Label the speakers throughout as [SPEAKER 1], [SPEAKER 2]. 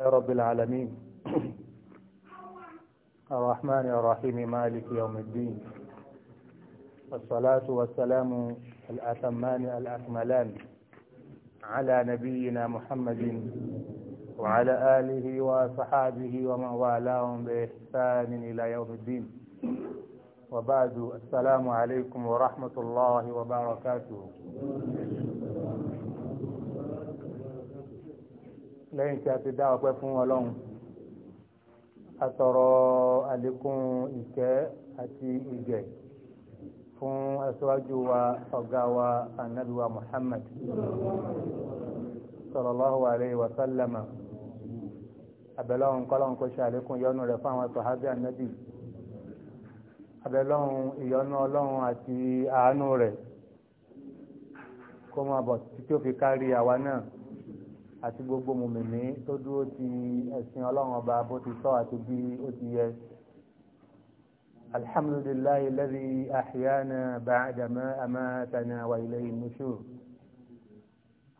[SPEAKER 1] يا رب العالمين الرحمن الرحيم مالك يوم الدين والصلاة والسلام الأتمان الأكملان على نبينا محمد وعلى آله وصحابه ومن والاهم بإحسان إلى يوم الدين وبعد السلام عليكم ورحمة الله وبركاته lẹ́yìn tí a ti dá ọpẹ́ fún ọlọ́run atọ̀rọ̀ àlékún ìkẹ́ àti ìgẹ̀ fún aṣáájú wa ọ̀gá wa ànábì Muhammad sallallahu alayhi wa sallama abẹ́lọ́run kọ́lọ́run kó ṣe àlékún ìyọ́nú rẹ̀ fún àwọn sọ̀hábí ànábì abẹ́lọ́run ìyọ́nú ọlọ́run àti àánú rẹ̀ kó máa bọ̀ títí ó fi kárí àwa náà àti gbogbo mùmìnì tó dúró ti ẹ̀sìn ọlọ́run ọba bó ti tọ́ àti bí ó ti yẹ. alhamdulillahi alladhi ahyana ba'da ma amatana wa ilayhi nushur.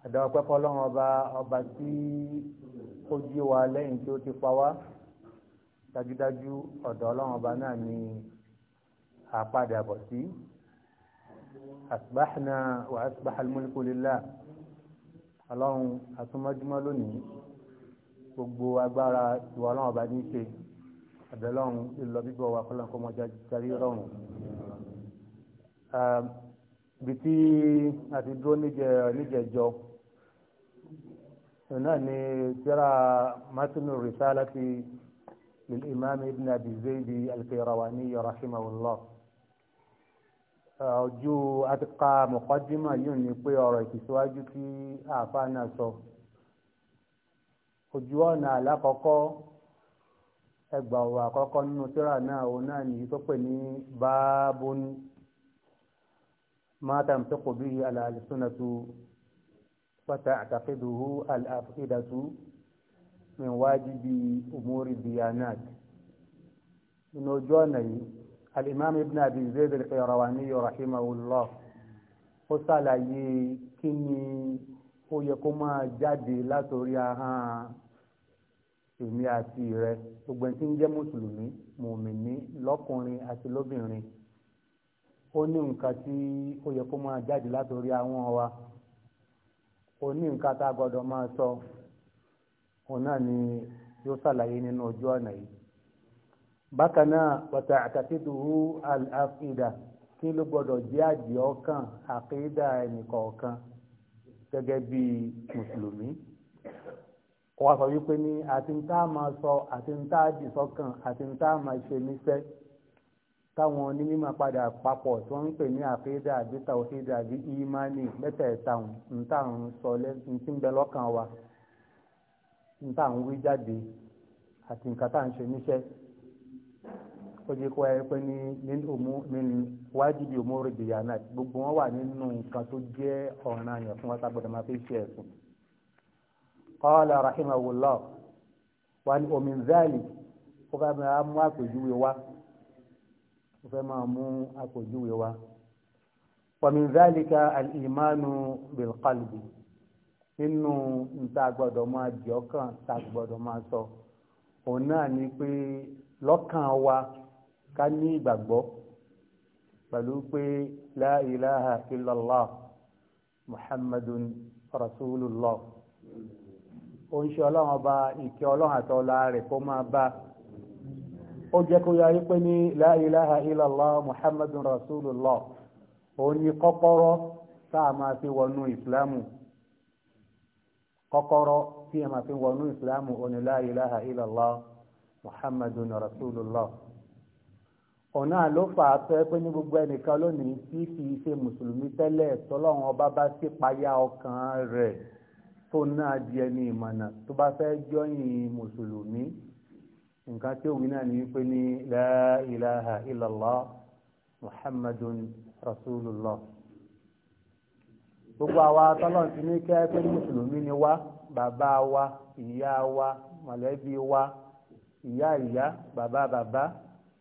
[SPEAKER 1] àdáwọ̀pẹ́ fọlọ́run ọba ọba tí ó jí wa lẹ́yìn tí ó ti pa wá dájúdájú ọ̀dọ̀ ọlọ́run ọba náà ni àpadàbọ̀ sí. asbahna wa asbaha almulku ọlọ́run àtúmọ́júmọ́ lónìí gbogbo agbára ìwà ọlọ́run ọba ní í ṣe àbẹ̀lọ́run ìlọ bíbọ̀ wa kọ́lọ́n kọ́ mọ́ jarí rọrùn. ibi tí a ti dúró níjẹ̀jọ náà ni tíra matinu risalati lil imam ibn abi zayd al-qayrawani rahimahullah ojú àtìkà mọ̀kọ́dímọ̀ yìí ni pé ọ̀rọ̀ ìtìsíwájú tí àáfàá náà sọ ojú ọ̀nà alákọ̀ọ́kọ́ ẹgbà ọ̀rọ̀ àkọ́kọ́ nínú tíra náà òun náà nìyí tó pè ní báábón mátàm tó kò bí alàlùsúnàtú pátá àtàkìdùhú alàfídàtú min wájibi umuri diyanat nínú ojú ọ̀nà yìí alimami ابن abi زيد al رحمه الله، ó ṣàlàyé kí ni ó yẹ kó máa jáde látòrí ahọ́n èmi àti rẹ gbogbo ẹni tí ń jẹ́ mùsùlùmí mùmìnì lọ́kùnrin àti lóbìnrin ó ní nǹkan tí ó yẹ kó máa jáde látòrí àwọn wa ó ní nǹkan tá a gbọ́dọ̀ máa sọ òun náà ni yóò ṣàlàyé nínú ojú ọ̀nà yìí bákan náà pàtà àtàkìtùhù àfìdà kí ló gbọdọ̀ jẹ́ àjẹ́ ọkàn àkídà ẹnìkọ̀ọ̀kan gẹ́gẹ́ bí mùsùlùmí wọ́n á sọ wípé ní àti ń tá a máa sọ àti ń tá a dì sọ́kàn àti ń tá a máa ṣe níṣẹ́ táwọn onímọ̀ padà papọ̀ tí wọ́n ń pè ní àkídà àbí tàwhídà àbí ìmánì mẹ́tẹ̀ẹ̀ta ń tà ń sọ lẹ́sìn tí ń bẹ lọ́kàn wa ń tà ń wí jáde àti nǹkan tá à ń ṣe níṣẹ́ ó jẹ́ kó wáyé pé ní nínú wájibi òmòrò ìjìyà náà gbogbo wọn wà nínú nǹkan tó jẹ́ ọ̀ràn àyàn fún wa tá gbọ́dọ̀ máa fi ṣe ẹ̀sùn. qala rahimahullah wa ni omi nzali ó fẹ́ máa mú àpèjúwe wa ó fẹ́ máa mú àpèjúwe wa. wa min zalika al-imanu nínú nta gbọ́dọ̀ máa jẹ́ ọkàn ta gbọ́dọ̀ máa sọ òun náà ni pé lọ́kàn wa ká ní ìgbàgbọ́ pẹ̀lú pé la ilaha illallah muhammadun rasulullah ó ń ṣe ọlọ́run ọba ìkẹ́ ọlọ́run àtọ́lá rẹ̀ kó máa bá ó jẹ́ kó yáyé pé ní la ilaha illallah muhammadun rasulullah ó ní kọ́kọ́rọ́ táà máa fi wọnú ìsìlámù kọ́kọ́rọ́ tí a máa fi wọnú ìsìlámù ó ní la ilaha illallah muhammadun ọ̀nà àlófà àtọ́ ẹ pé ní gbogbo ẹnìkan lónìí tí fi í ṣe mùsùlùmí tẹ́lẹ̀ tọ́lọ́run ọba bá sí payá ọkàn rẹ̀ tó náà di ẹni ìmọ̀nà tó bá fẹ́ jọyìn mùsùlùmí nǹkan tí òun náà ní pé ní muhammadun rasulullah gbogbo àwa tọ́lọ́run ti ní kẹ́ pé mùsùlùmí ni wá bàbá wa ìyá wa mọ̀lẹ́bí wa ìyá ìyá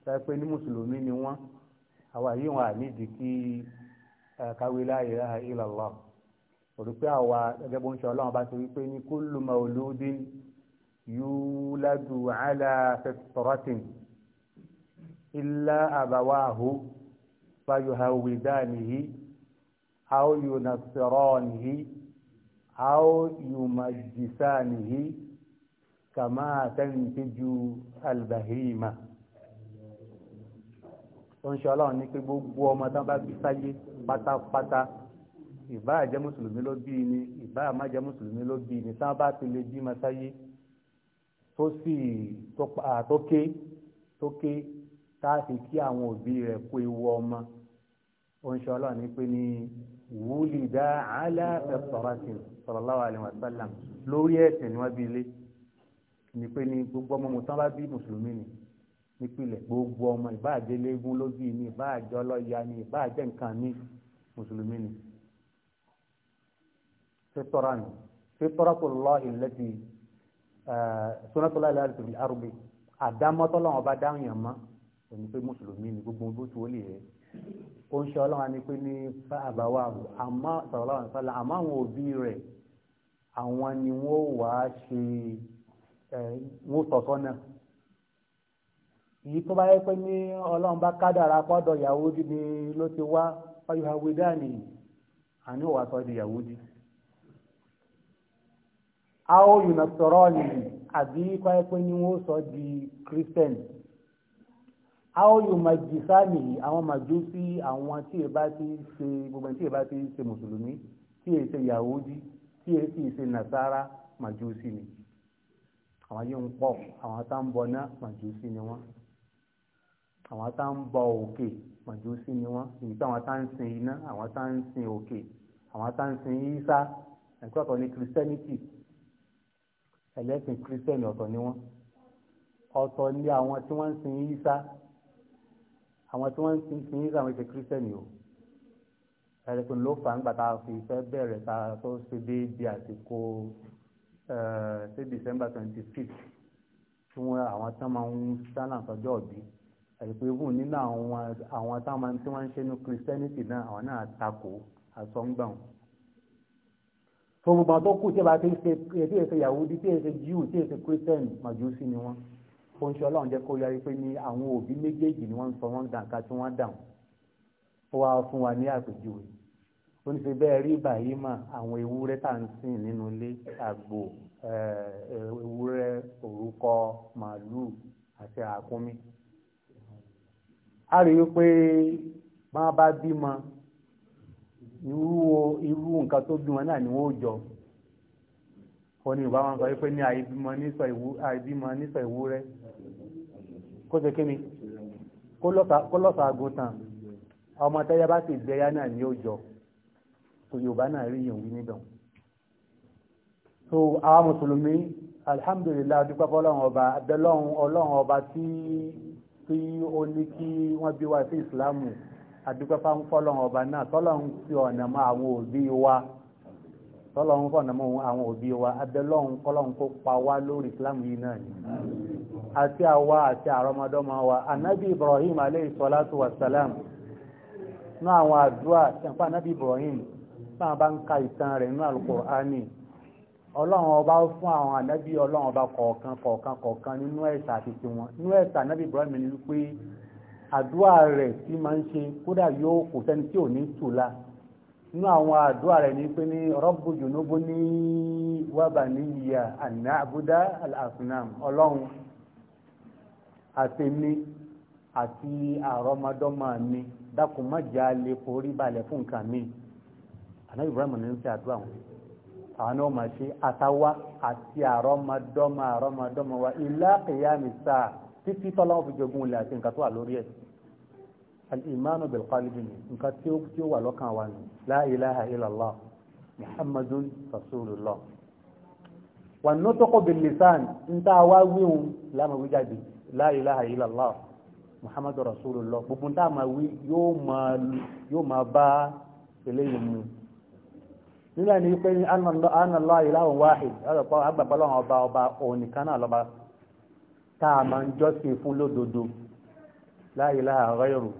[SPEAKER 1] sáré pé ní mùsùlùmí ni wọ́n àwa yìí wọn àníjì kí káwé la ilaha illallah òrí pé àwa gẹ́gẹ́ bó ń ṣe ọlọ́run bá ṣe wípé ní kullu mauludin yuladu ala fitratin illa abawahu fayuhawidanihi aw yunasiranihi aw yumajjisanihi kama tanfiju albahima tó ń ṣe ọlọ́run ní pé gbogbo ọmọ tán bá bí sáyé pátápátá ìbá àjẹ́ mùsùlùmí ló bí ni ìbá àmájẹ́ mùsùlùmí ló bí ni tán bá ti lè bí ma sáyé tó sì tóké tóké tá a fi kí àwọn òbí rẹ̀ kó ewu ọmọ ó ń pé ní wúlì dá àálẹ́ ẹ̀fọ́rọ́sìn sallallahu alaihi wasallam lórí ẹ̀sìn ni wọ́n bí ilé ni pé ní gbogbo ọmọ mùsùlùmí ni nípìnlẹ̀ gbogbo ọmọ ìbáàjẹ́ léegun lójú ni ìbáàjẹ́ ọlọ́ya ni ìbáàjẹ́ nǹkan ní mùsùlùmí ni. fitọ́ra ni fitọ́ra tó lọ ìlẹ́tì sọ́nàtọ́lá ìlànà tòbí arúgbó àdámọ́tọ́ lọ́wọ́ bá dáhùn yàn mọ́ òní pé mùsùlùmí ni gbogbo bó ti wọlé yẹ ó ń ṣe ọlọ́wọ́ ni pé ní àbáwá àmọ́ àwọn òbí rẹ̀ àwọn ni wọ́n wàá ṣe wọ́n tọ̀tọ̀ náà èyí tó bá yẹ pé ní ọlọ́run bá kádàrá pọ́dọ̀ Yahudi ni ló ti wá ọyọ àwẹ̀dáàni àní òwà sọ di Yahudi. àwọn olùnàsọ̀rọ̀ ni àbí kọ́ yẹ pé ní wọ́n sọ di Christian. àwọn olùmọ̀jìsá ni àwọn màjúsí àwọn tí ì bá ti ṣe gbogbo tí ì bá ti ṣe mùsùlùmí tí ì ṣe Yahudi tí ì sì ṣe nàṣàrà màjúsí ni àwọn yìí ń pọ̀ àwọn tá ń bọ náà màjúsí ni wọ́n àwọn tá ń bọ òkè màjúsí ni wọ́n èyí táwọn tá ń sin iná àwọn tá ń sin òkè àwọn tá ń sin ìsá ẹ̀kọ́ ọ̀tọ̀ ní christianity ẹlẹ́sìn christian ọ̀tọ̀ ni wọ́n ọ̀tọ̀ ni àwọn tí wọ́n ń sin ìsá àwọn tí wọ́n ń sin sin ìsá wọ́n ṣe christian o ẹ̀rẹ̀kùn ló fà ń gbà tá a fi fẹ́ bẹ̀rẹ̀ ta tó ṣe déédéé àsìkò ṣé december twenty fifth tí wọ́n àwọn tí wọ́n máa ń sálàǹtọ́jọ́ ọ̀bí ẹ̀sùn ikú nínú àwọn táwọn tí wọ́n ń ṣe ní christianity náà àwọn náà takò àsọ̀ǹgbọ̀n fún gbogbo àwọn tó kù tí ìbá tí èsè yahudi tí èsè jew tí èsè christian màjúsí ni wọ́n ó ń ṣe ọlọ́run jẹ́ kó yarí pé ní àwọn òbí méjèèjì ni wọ́n sọ wọ́n dànká tí wọ́n dàn ó wá fún wa ní àpèjúwe ó ní ṣe bẹ́ẹ̀ rí báyìí mà àwọn ewúrẹ́ tá ń sìn nínú ilé àgbò eh, ewúrẹ́ òrúkọ màálù àti àkúnmí a rí i pé máa bá bímọ irú nǹkan tó bímọ náà ni wọ́n jọ òní ìbá wọn sọ wípé ní àìbímọ nísọ ìwúrẹ́ kó ṣe kí ni kó lọ́sà àgùntàn ọmọ tẹ́yà bá sì gbẹ́yà náà ni ó jọ tó Yorùbá náà rí yìí nídàn so àwọn mùsùlùmí alhamdulillah dúpẹ́ fọ́lọ́run ọba abẹ́lọ́run ọlọ́run ọba tí tí ó ní kí wọ́n bí wa sí ìsìláàmù àdúgbò fáńfọ́lọ́hún ọba náà fi ọ̀nà mọ́ àwọn òbí wa tọ́lọ́hún fọ̀nà mọ́ àwọn òbí wa kó pa wá lórí ìsìláàmù yìí náà ni àti wa anábì Ibrahim aleyhi salatu wa salam náà àwọn àdúrà Ibrahim náà bá ń ka ìtàn rẹ̀ nínú ọlọ́run ọba fún àwọn ànábì ọlọ́run ọba kọ̀ọ̀kan kọ̀ọ̀kan kọ̀ọ̀kan nínú ẹ̀sà àti tiwọn nínú ẹ̀sà ànábì Ibrahim ni wípé àdúrà rẹ̀ tí máa ń ṣe kódà yóò kò sẹ́ni tí ò ní tùlá nínú àwọn àdúrà rẹ̀ ni pé ní Rabbu junubuni wa baniya an na'buda al-asnam ọlọ́run àtẹ̀mí àti àrọ́mọdọ́mọ mi dákun má jà lè forí balẹ̀ fún nǹkan mi ànábì Ibrahim ní ń ṣe àdúrà wọn àwọn náà máa ṣe àtàwa àti àrọ́mọdọ́mọ àrọ́mọdọ́mọ wa ilá kìyàmì sáà títí tọ́lá wọn fi jogún ilẹ̀ àti nǹkan tó wà lórí ẹ̀ al-imanu bil qalbi ni nǹkan tí ó tí ó wà lọ́kàn wa ni la ilaha muhammadun rasulullah wà nutqu bil lisan ń tá wá wíhun láàmà wí jáde la ilaha muhammadun rasulullah gbogbo ń tá a wí yóò máa bá eléyìí mu nínú ẹni wípé anàlọ́ ìlàhùn wáhid ọ̀rọ̀pọ̀ agbàpọ̀lọ́wọ̀n ọba ọba òníkan náà lọ́ba táà ma ń jọ́sìn fún lódodo la ilaha ghayru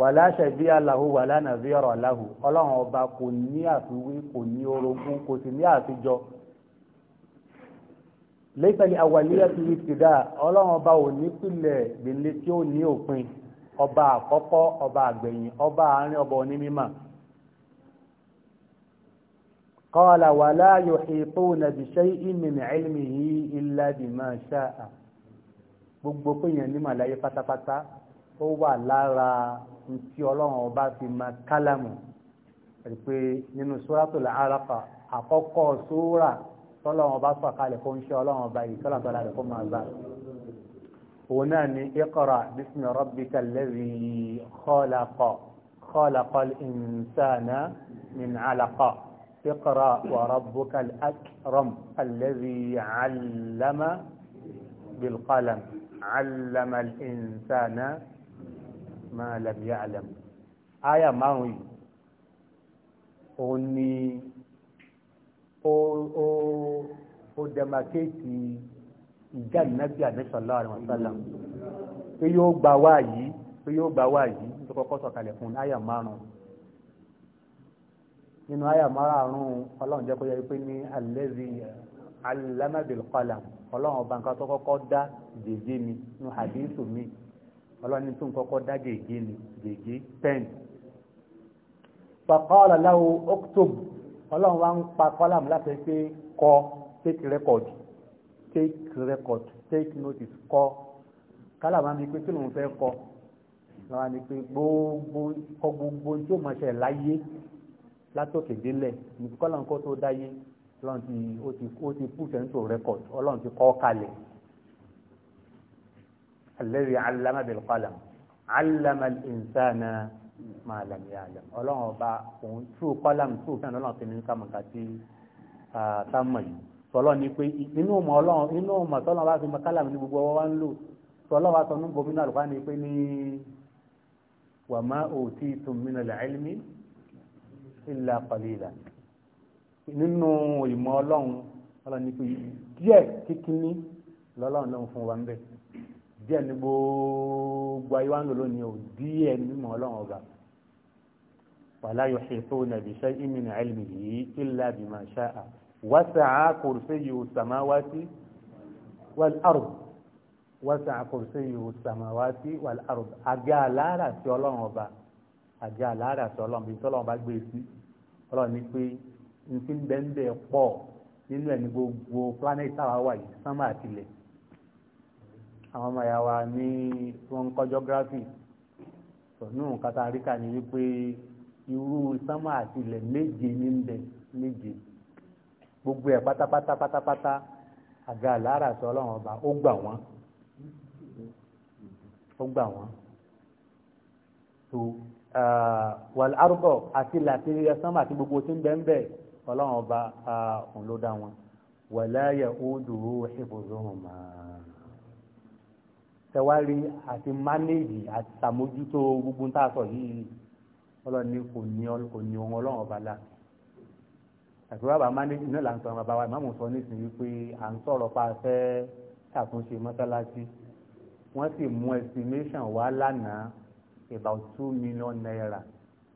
[SPEAKER 1] wala shabiha lahu wala nadhira lahu ọlọ́run ọba kò ní àfiwé kò ní orogún kò sì ní àfijọ́ lẹ́sẹ̀lì àwàlíyà ti ìtìdá ọlọ́run ọba ò ní pìlẹ̀ gbèlè tí ó ní ọba àkọ́kọ́ ọba àgbẹ̀yìn ọba àárín ọba onímímà قال ولا يحيطون بشيء من علمه ilmihi بما شاء. sha'a gbogbo péyàn ní màláyé pátápátá ó wà lára ntí ọlọ́run ọba fi máa kálámù àti pé nínú suratul Alaqa àkọ́kọ́ sóra tọ́lọ́run ọba sọ̀kalẹ̀ fún iṣẹ́ ọlọ́run ọba yìí tọ́lọ́run tọ́lá rẹ̀ fún màá òun náà ni iqra bismi rabbika alladhi khalaqa khalaqal insana min alaqa. اقرأ وربك الأكرم الذي علم بالقلم علم الإنسان ما لم يعلم آية ماوي oni o o o dẹmakéèkì ìjà nàbí àdéṣọlá àrùnsálà pé yóò gbà wá yìí pé yóò gbà wá yìí tó kọ́kọ́ fún náírà márùn-ún nínú àyà márààrún ọlọ́run jẹ́ kó yẹ pé ní allazi allama bil qalam ọlọ́run ọba nǹkan tó kọ́kọ́ dá gègé mi nínú hadithu mi ọlọ́run tó ń kọ́kọ́ dá gègé ni gègé pen faqala lahu uktub ọlọ́run wa ń pa kọ́làm láti pé kọ take record take record take notice kọ kálàmà ni pé kí lòun fẹ́ kọ lọ́wọ́ ni pé gbogbo kọ gbogbo tí ó mọ̀ ṣẹ̀ láyé látòkè délẹ̀ nìkọ́lá nǹkan tó dáyé ọlọ́run ti ó ti ó ti put into record ọlọ́run ti kọ́ kalẹ̀ alladhi allama bil qalam allama al insana ma lam ya'lam ọlọ́run ọba òun tú qalam tú fẹ́ràn ọlọ́run ti ní ká mọ̀ká sí sámọ̀ yìí sọlọ́ ni pé inú ọmọ ọlọ́run inú ọmọ tọ́lọ́ wa fi kálàmù ní gbogbo ọwọ́ wa ń lò sọlọ́ wa sọ ní bomi náà illa qalila nínú ìmọ̀ ọlọ́run ọlọ́run ní pé díẹ̀ kíkíní lọ́lọ́run lọ́run fún wa ń bẹ̀ díẹ̀ ní gbogbo ayé wa ń lò lónìí o díẹ̀ nímọ̀ ọlọ́run ọ̀gá wala yuhituna bi shay'in min ilmihi illa bima sha'a wasi'a kursiyyuhu samawati wal ard wasi'a kursiyyuhu samawati wal ard àga àlàárà sí ọlọ́run ọba àga àlàárà ọlọ́run bí tọ́lọ́run bá gbé sí ọlọ́run ní pé nfi bẹ́ńbẹ́ pọ̀ nínú ẹ̀ ní gbogbo planet àwa wà yìí sánmà àtìlẹ̀ àwọn ọmọ ìyá wa ní wọn ń kọ́ geography sọ̀nù kátà áríkà ní wípé irú sánmà àtìlẹ̀ méje ní ń bẹ méje gbogbo ẹ̀ pátápátá pátápátá àga àlàárà sọ ọlọ́run ọba ó gbà wọ́n ó gbà wọ́n tó wàl arúgbọ̀ àti làtìrí ẹsánmà àti gbogbo tí ń bẹ́ ń bẹ̀ ọlọ́run ọba òun ló dá wọn wàláyà ó dùrú ìbòzóhùn mọ́ tẹwárí àti mánéèjì àti sàmójútó gbogbo ń tàṣọ yìí ọlọ́run ní kò ní ohun ọlọ́run ọba lá àti wàbà mánéèjì náà là ń sọ ọmọ bàbá ìmáàmù sọ nísìnyí pé à ń sọ̀rọ̀ pa afẹ́ ṣàtúnṣe mọ́sálásí wọ́n sì mú estimation wá lánàá about two million naira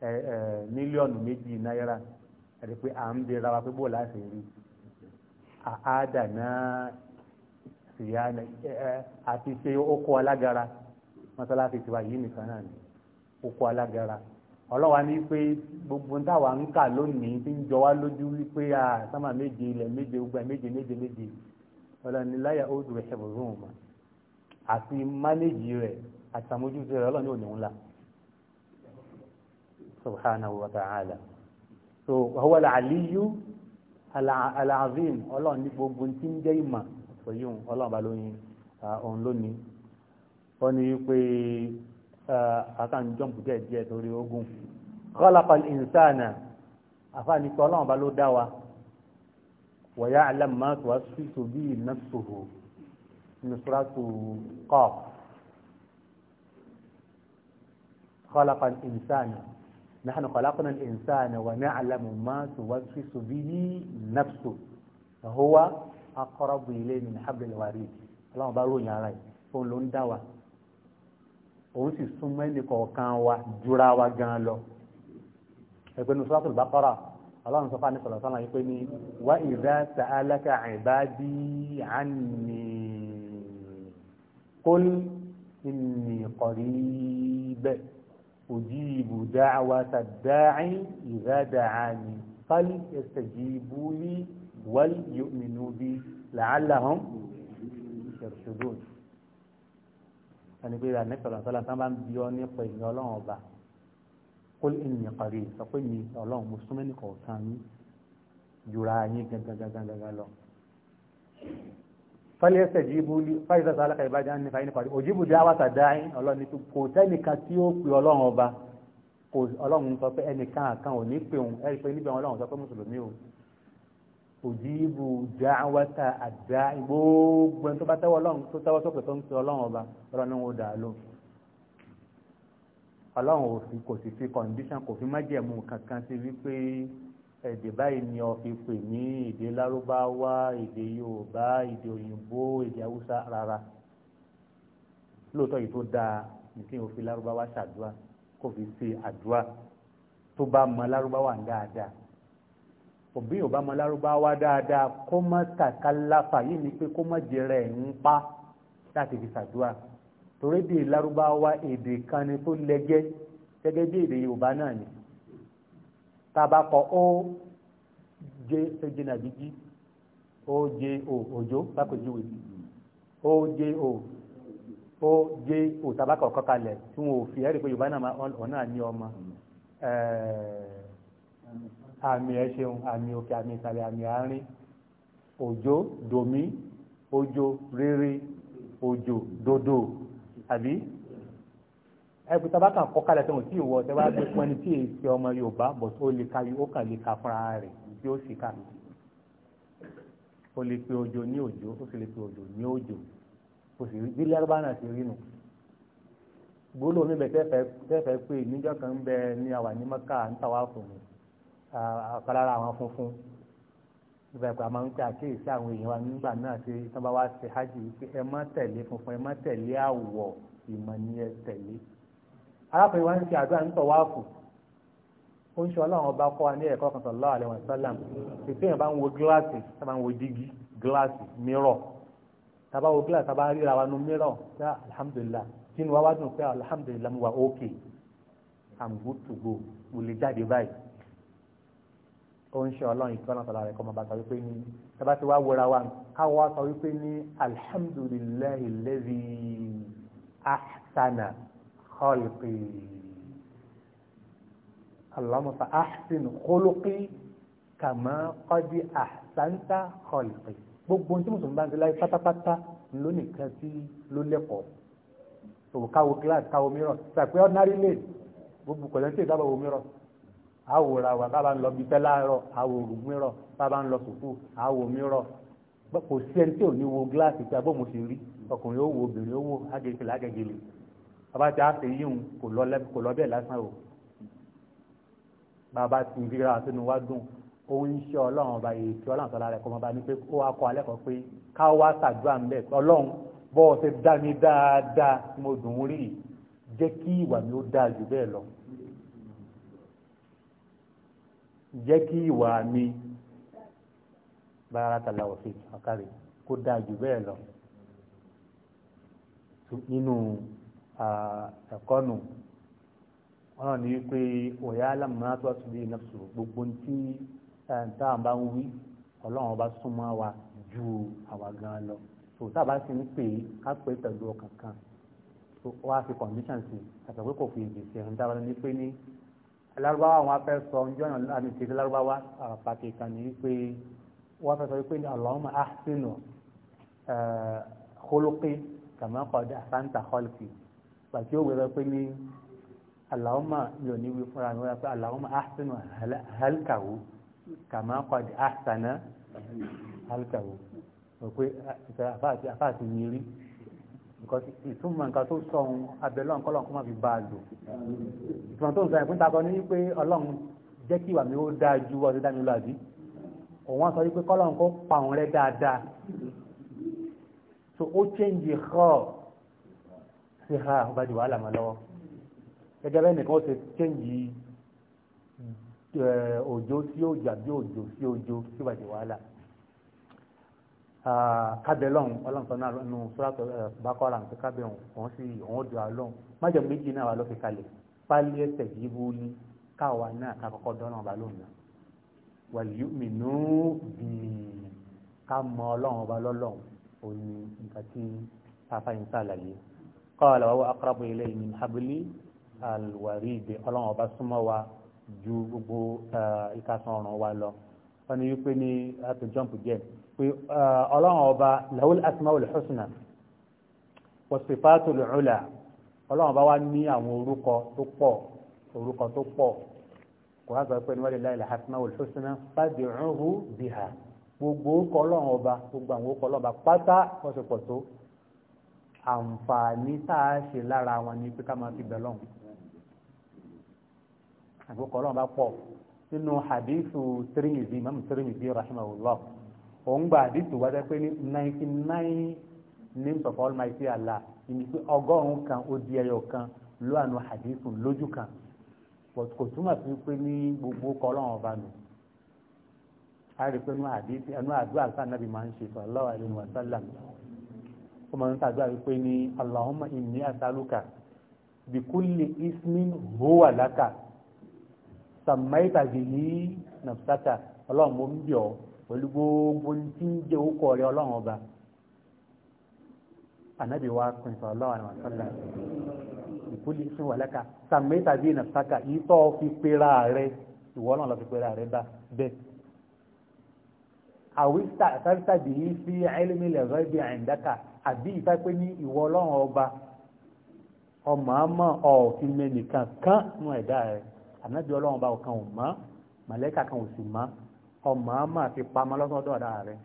[SPEAKER 1] eh, eh, mílíọ̀nù méjì náírà ẹ̀rí pé à ń bèèrè wa pé bó láti rí àádà náà àti ṣe oko alágara mọ́sálásí ti wá yìí nìkan náà ni oko alágara ọlọ́wà ní pé gbogbo táwa ń kà lónìí tí ń jọ wá lójú wípé à méje ilẹ̀ méje ogbà méje méje méje ọlọ́ni láyà ó dùn ẹ̀ṣẹ̀ bọ̀ fún àtàmójútó rẹ̀ ọlọ́run ní òun la subhanahu wa ta'ala so huwa al-aliyyu al-azim ọlọ́run ní gbogbo tí ń jẹ́ ìmọ̀ òyìn ọlọ́run bá lóyún òun lónìí wọ́n ní pé àkànjọ́mpù díẹ̀ díẹ̀ torí ogun خلق الإنسان نحن خلقنا الإنسان ونعلم ما توسوس به نفسه فهو أقرب إليه من حبل الوريد الله بارو يا راي فون لون داوا òun sì súnmọ́ ẹnì kọ̀ọ̀kan wa jura wa gan lọ ẹgbẹ́ ní suratul baqara ọlọ́run sọ́fà ní sọ̀rọ̀ sọ́nà yìí pé ní wa idha sa'alaka ibadi anni qul inni qarib bẹ́ẹ̀ أجيب دعوة الداعي إذا دعاني فليستجيبوا لي وليؤمنوا بي لعلهم يرشدون sanigbe ra nẹfẹ lọsọlá sábà ń bí ọ nípa ìyẹn Ọlọ́run ọba kólé ènìyàn parí sọ pé mi Ọlọ́run mo súnmọ́ ẹnì kọ̀ọ̀kan yín jura yín gangan lọ fẹ́lẹ́sẹ̀ jíbú ní fáìsẹ̀ sálẹ́kà ìbájá ní fàyín pàdé òjíbù dá wàtà dáín ọlọ́ni tó kò tẹ́nìkan tí ó pè ọlọ́run ọba kò ọlọ́run sọ pé ẹnìkan àkan ò ní pè òun ẹ̀rí pé níbi ọlọ́run sọ pé mùsùlùmí o òjíbù dá wàtà àdá gbogbo ẹni tó bá tẹ́wọ́ ọlọ́run tó tẹ́wọ́ sókè tó ń pè ọlọ́run ọba ọlọ́run ó dà á ọlọ́run kò sì fi condition kò fi májẹ̀mú kankan sí wípé èdè báyìí ni ọ fi pè ní èdè lárúbáwá èdè yorùbá èdè òyìnbó èdè haúsá rárá lóòótọ́ yìí tó dáa nìkan yóò fi lárúbáwá ṣàdúrà kó fi ṣe àdúrà tó bá mọ lárúbáwá dáadáa òbí yóò bá mọ lárúbáwá dáadáa kó má tàkàlàfà yìí ni pé kó má jẹrẹ ẹ̀ ń pa láti fi ṣàdúrà torí bí lárúbáwá èdè kan ni tó lẹ́gẹ́ gẹ́gẹ́ bí èdè yorùbá náà ni tabakọ ó jẹ ejina jíjí o jẹ o ojo lápèjúwe ó jẹ o ó o o tabakọ kọkalẹ tí wọn ò fi ẹrí pé yorùbá náà ọ̀nà àní ọmọ àmì ẹ ṣeun àmì òkè àmì ìsàlẹ̀ àmì àárín òjò dòmí òjò rere òjò dodo àbí ẹ̀kú tabaka kọ́kálẹ̀ tó ń tí ìwọ tẹ́ bá gbé pọ́n ní tí èsì ọmọ Yorùbá bọ̀ tó lè ka yóò kà lè ka fúnra rẹ̀ tí ó sì kà ó lè pe òjò ní òjò ó sì lè pe òjò ní òjò kò sì rí bílí arúgbó náà ti rí nù gbólóhùn mi bẹ tẹ́fẹ̀ẹ́ pé níjọ́ kan ń bẹ ní àwà ní Mẹ́kà ń tàwa fún mi àkàlára àwọn funfun ìgbà ìgbà máa ń pè àkíyèsí àwọn èèyàn wa nígbà náà ṣe tí wọ́n bá wá ṣe hajj pé ẹ má tẹ̀lé funfun ẹ má tẹ̀lé àwọ̀ ìmọ̀ ni ẹ tẹ̀lé arákùnrin wa ń ṣe àdúrà ń tọ̀wáàfù ó ń ṣe ọlọ́run ọba kọ́ wa ní ẹ̀kọ́ kan sallallahu alaihi wasallam pèsè èèyàn bá ń wo gíláàsì tá bá ń wo dígí gíláàsì mírọ̀ tá bá wo gíláàsì tá bá ríra wa nu mírọ̀ pé alhamdulillah tínú wa wá dùn pé alhamdulillah mo wà ókè i'm good to go mo lè jáde báyìí ó ń ṣe ọlọ́run ìtura náà sọ̀rọ̀ ẹ̀kọ́ ọmọba sọ wípé ní tá bá ti wá wọra wa káwọ́ sọ wípé ní alhamdulillahi allazi خلقي اللهم فأحسن خلقي كما قد أحسنت خلقي gbogbo tí mùsùlùmí bá ń láyé pátápátá ló nìkan tí ló lẹ́kọ̀ọ́ òwò káwo glass káwo mìíràn sàpé ordinary lane gbogbo kọ̀lẹ́ tí ìdábọ̀ wo mìíràn àwò ra wà bá bá ń lọ bí fẹ́ láàárọ̀ àwò òrùn mìíràn bá bá ń lọ sùkú àwò mìíràn kò sí ẹni tí ò ní wo glass tí abóhùn ṣe rí ọkùnrin ó wo obìnrin ó wo agègèlè agègèlè bàbá tí a ṣe yíhun kò lọ bẹ́ẹ̀ lásán o bàbá tí ìríra sínú wá dùn ó ń ṣe ọlọ́run ọba ètò ọlọ́run tọ́lá rẹ̀ kọ́ ọba ní pé ó wá kọ́ alẹ́kọ̀ọ́ pé ká wá ṣàdúrà ń bẹ̀ ọlọ́run bọ́ ọ ṣe dá mi dáadáa tí mo dùn ún rí jẹ́ kí ìwà mi ó dáa jù bẹ́ẹ̀ lọ jẹ́ kí ìwà mi bára tàlà òfin àkàrẹ̀ kó dáa jù bẹ́ẹ̀ lọ nínú ẹ̀kọ́ nù wọn náà ní pé òyà alámùná tó tún bí nafsu gbogbo tí tá à ń bá ń wí ọlọ́run ọba súnmọ́ wa ju àwa gan lọ tó tá a bá ti ń pè é ká pè é pẹ̀lú ọkàn kan wá fi condition sí àtàwọn pé kò fi ìgbésẹ̀ ẹ̀rọ dára ní pé ní alárúbáwá àwọn afẹ́ sọ ọjọ́ náà láti ṣe alárúbáwá pàtàkì kan ní pé wọ́n fẹ́ sọ pé ní Allahumma ahsinu khuluqi kama qad ahsanta khalqi pàtí ó wẹ̀rẹ̀ pé ní aláwọ̀mà yóò ní wí fúnra mi wọ́n pé aláwọ̀mà ahsanu halkahu kàmá kọ́dí ahsana halkahu wọ́n pé àfáàtì ní rí because ìtumọ̀ nǹkan tó sọ ohun abẹ́lọ́ nǹkan lọ́nkọ́ máa fi bá a lò ìtumọ̀ tó ń sọ yẹn pínta kan ní wípé ọlọ́run jẹ́ kí ìwà mi ó dáa ju ọdún dá lọ àbí òun sọ wípé kọ́lọ́run kó pa òun rẹ dáadáa so ó change her sí ha ó bá di wàhálà mọ́ lọ́wọ́ gẹ́gẹ́ bẹ́ẹ̀ nìkan ó ṣe kéǹjì eh, òjò sí òjò àbí òjò sí òjò sí ó bá di wàhálà ah, kábẹ́ lọ́hùn ọlọ́nkọ́ náà nù sọ́ràtọ̀ eh, bákọ́ra nǹkan kábẹ́ òun sí òun dùn àlọ́hùn májọ méjì náà wà ló fi kalẹ̀ pálí ẹsẹ̀ yìí bú káwa náà ká kọ́kọ́ ọba lónìí wàlíù mìínú bíi ká mọ ọlọ́run ọba lọ́lọ́run òun nǹkan tí pàápàá yìí sàlàyé qala wa huwa aqrabu ilayhi min habli alwarid ọlọ́run ọba súnmọ́ wa ju gbogbo ìkàsán ọ̀ràn wa lọ wọ́n ní wípé ní láti jọ́ǹpù díẹ̀ pé ọlọ́run ọba lahul asmaul husna wa sifatul ula ọlọ́run ọba wa ní àwọn orúkọ tó pọ̀ orúkọ tó pọ̀ kò wá sọ pé ní walillahi al-asmaul husna fad'uhu biha gbogbo orúkọ ọlọ́run ọba gbogbo àwọn orúkọ ọlọ́run ọba pátá wọ́n ti pọ̀ tó àǹfààní tá a ṣe lára wọn ni pé ká máa fi bẹ̀rẹ̀ lọ́hùn àgbékọ̀ ọlọ́run bá pọ̀ nínú hadithu tirimidi mamu tirimidi rahimahullah òun gba hadithu wá dẹ́ pé ní ninety nine names of Almighty Allah ìní pé ọgọ́rùn-ún kan ó di ẹyọ kan ló àánú hadithu lójú kan kò túmọ̀ sí pé ní gbogbo kọ́ ọlọ́run ọba nù a rí pé nínú àdúrà sáà nàbì máa ń ṣe sallallahu alaihi wasallam ó máa ń tàgbà wípé ní Allahumma inni as'aluka bi kulli ismin huwa laka sàmáìtà bihi nafsaka ọlọ́run mo ń bì ọ́ pẹ̀lú gbogbo tí ń jẹ́ orúkọ rẹ ọlọ́run ọba ànábì wa pin sọ ọlọ́run àwọn àṣọlá bi kulli ismin huwa laka sàmáìtà bihi nafsaka yìí fi pera rẹ ìwọ lọ fi pera rẹ bá bẹ́ẹ̀ àwísà àtàwísà bì í sí ẹlẹ́mìlẹ̀ rẹ̀ bí àyìndáka àbí ìfẹ́pẹ́ ní ìwọ ọlọ́run ọba ọmọ àmọ́ ọ̀ọ́fin mẹ́nìkan kán nú ẹ̀dá rẹ̀ ànábì ọlọ́run ọba ọ̀kan ò mọ́ màlẹ́kà kan ò sì mọ́ ọmọ àmọ́ àti pamọ́ lọ́sọ̀dọ̀ ọ̀dà rẹ̀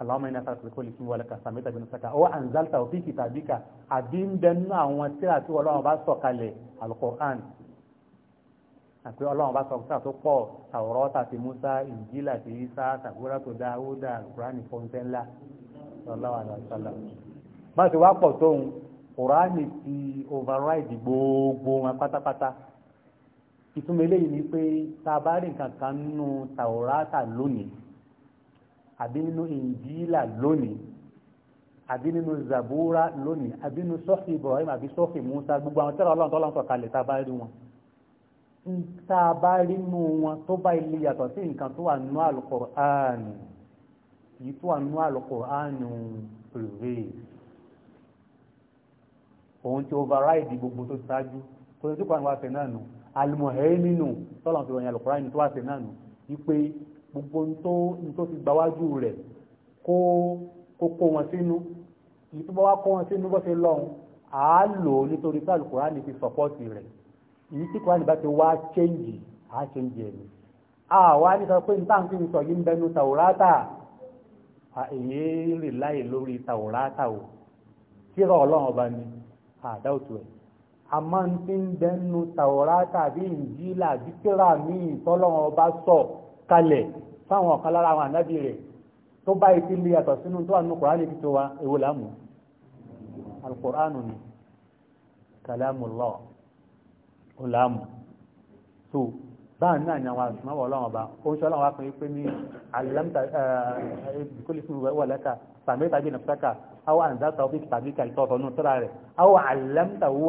[SPEAKER 1] aláwọ̀mọ̀ iná sára kò lè fi wọlé kà sàmẹ́ta bí nùsàkà ó àǹzálta òfin kìtàbíkà àbí ń bẹnu àwọn tíra tí ọlọ́run ọba sọ̀kalẹ̀ al àti ọlọ́run bá sọ fúnṣà tó pọ̀ àwòrán tàti musa ìjìlá ti isa tàbúrà tó dá ó dà kúránì fọ́nṣẹ́ ńlá sallallahu alaihi ti wá pọ̀ tóun kúránì ti override gbogbo wọn pátápátá ìtumọ̀ eléyìí ni pé tá a bá rí nǹkan kan nínú tàwòrátà lónìí àbí nínú ìjìlá lónìí àbí nínú zabura lónìí àbí nínú sọ́ọ̀fì ibrahim àbí sọ́ọ̀fì musa gbogbo àwọn tẹ́lẹ̀ ọlọ́run tọ́lọ́run sọ̀kalẹ̀ tá a tá a bá rí nú wọn tó bá ilé yàtọ̀ sí nǹkan tó wà nú Al-Qur'an yìí tó wà nú Al-Qur'an prevail òun ti override gbogbo tó ṣáájú tó ní tí kò àwọn àfẹ náà nù alimohẹ́ nínú tọ́lọ̀ fi ròyìn Al-Qur'an tó wà fẹ́ náà nù wípé gbogbo tó ti gbáwájú rẹ̀ kó kó wọn sínú ìtúbọ̀ wá kó wọn sínú bó ṣe lọ́hùn àá lò nítorí pé Al-Qur'an ti sọ̀pọ̀tì yìí tí kòránì bá ti wá chẹ́ǹjì á chẹ́ǹjì ẹ̀mí àwa ní sọ pé n táà ń fi sọ yìí ń bẹnu tàwùrátà èyí rè láì lórí tàwùrátà o kíra ọlọ́run ọba ni àdáòtú ẹ̀ àmọ́ n ti ń bẹnu tàwùrátà bí ìnjílà bí kíra míì tọ́lọ́run ọba sọ kalẹ̀ fáwọn ọ̀kan lára àwọn ànábì rẹ̀ tó bá ìtí lè yàtọ̀ sínú tó wà ní kòránì fi tó wa èwo làámu alukóránù ni kàlámù lọ́ọ̀ ọ̀làmù so báà náà ni àwọn àṣùmáwọ̀ ọlọ́run ọba ó ń ṣe ọlọ́run wá pé pé ní àlẹ́mta ìkólé fún ìwẹ̀ wọ̀lẹ́ka sàmẹ́ta bí nàfẹ́ka awọ àǹzáta ọ̀fíì tàbí kàìtọ́ ọ̀tọ̀ nù tọ́ra rẹ̀ awọ àlẹ́mta wo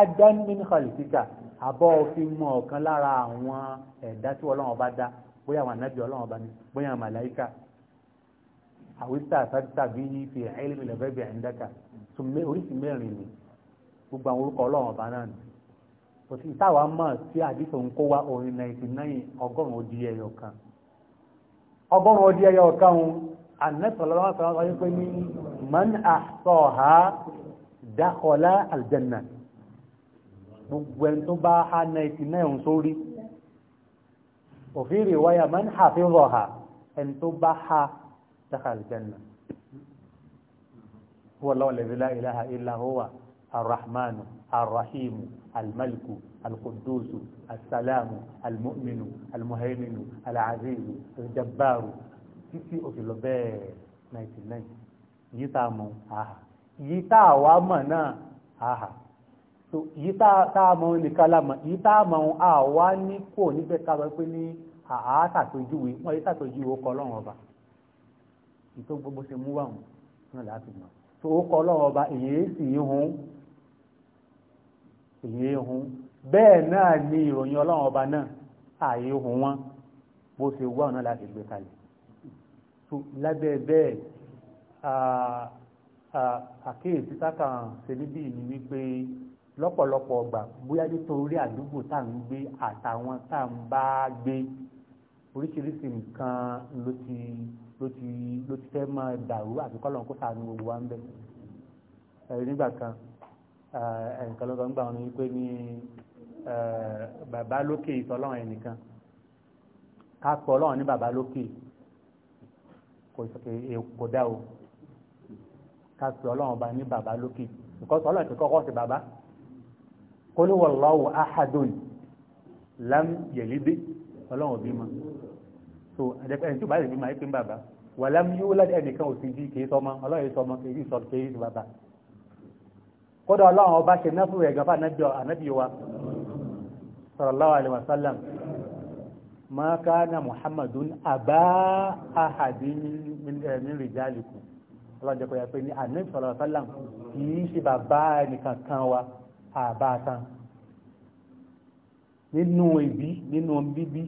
[SPEAKER 1] adámin kọlìtíkà àbọ̀ fi mọ ọ̀kan lára àwọn ẹ̀dá tí ọlọ́run ọba dá bóyá àwọn ànábì ọlọ́run ọba ni bóyá àwọn màláíkà àwísà àtàdísà bí yí fi ẹ̀ẹ́lẹ́mìlẹ̀ mẹ́rin ni gbogbo àwọn orúkọ ọlọ́run ọba náà ni kò sí táwa mọ̀ sí àdìsọ̀ ń kó wá orin ninety nine ọgọ́rùn-ún ó di ẹyọ kan ọgọ́rùn-ún ó di ẹyọ kan ń anẹ́sọ̀lọ́wọ́ sọ̀rọ̀ wáyé pé ní man ahsaha dakhala aljanna gbogbo ẹni tó bá há ninety sórí òfin riwaya man hafizaha ẹni tó bá há dakhala aljanna الرحمن الرحيم الملك القدوس السلام المؤمن المهيمن العزيز الجبار títí òṣèlú bẹ́ẹ̀ 99 yìí tá a mọ̀ àhà yìí tá a wá mọ̀ náà àhà so yìí tá a mọ̀ nìkan lámọ̀ yìí tá a mọ̀ àwa ní kò níbẹ̀ ká wọ́n pé ní àá tàpéjúwe wọ́n yìí tàpéjúwe ọkọ̀ ọlọ́run ọba ìtó gbogbo ṣe mú wà wọn náà láti mọ̀ so ọkọ̀ ọlọ́run ọba èyí sì ń hun èyí hun bẹ́ẹ̀ náà ni ìròyìn ọlọ́run ọba náà ààyè hun wọn bó ṣe wá ọ̀nà láti gbé kalẹ̀ tó lábẹ́ bẹ́ẹ̀ àkíyèsí sákàn ṣe níbí ni wípé lọ́pọ̀lọpọ̀ ọgbà bóyá nítorí àdúgbò tá à ń gbé àtàwọn tá à ń bá gbé oríṣiríṣi nǹkan ló ti ló ti ló ti fẹ́ máa dàrú àbíkọ́ lọ́n kó sàánú gbogbo wa ń bẹ̀ nígbà kan ẹnìkan ló sọ ń gbà wọn ni pé ní bàbá lókè ìtọ́lọ́run ẹnìkan ká pọ̀ ọlọ́run ní bàbá lókè kò dá o ká pè ọlọ́run ọba ní bàbá lókè because ọlọ́run ti kọ́kọ́ sí bàbá qul huwallahu ahadun lam yẹ̀lídé ọlọ́run òbí so ẹni tí ó bá lè bí ma ẹ pé ń bàbá wà lam yulad ẹnìkan ò sí jí kìí sọmọ ọlọ́run yìí sọmọ kìí kódà ọlọ́run ọba ṣe náà fún ẹ̀gàfà ànábì wa sallallahu alaihi wasallam ma kana muhammadun aba ahadin min eh, rijalikum ọlọ́run jẹ́ kó yà pé ní ànábì sallallahu alaihi wasallam kìí ṣe bàbá ẹnìkan kan wa àbá kan nínú ìbí nínú bíbí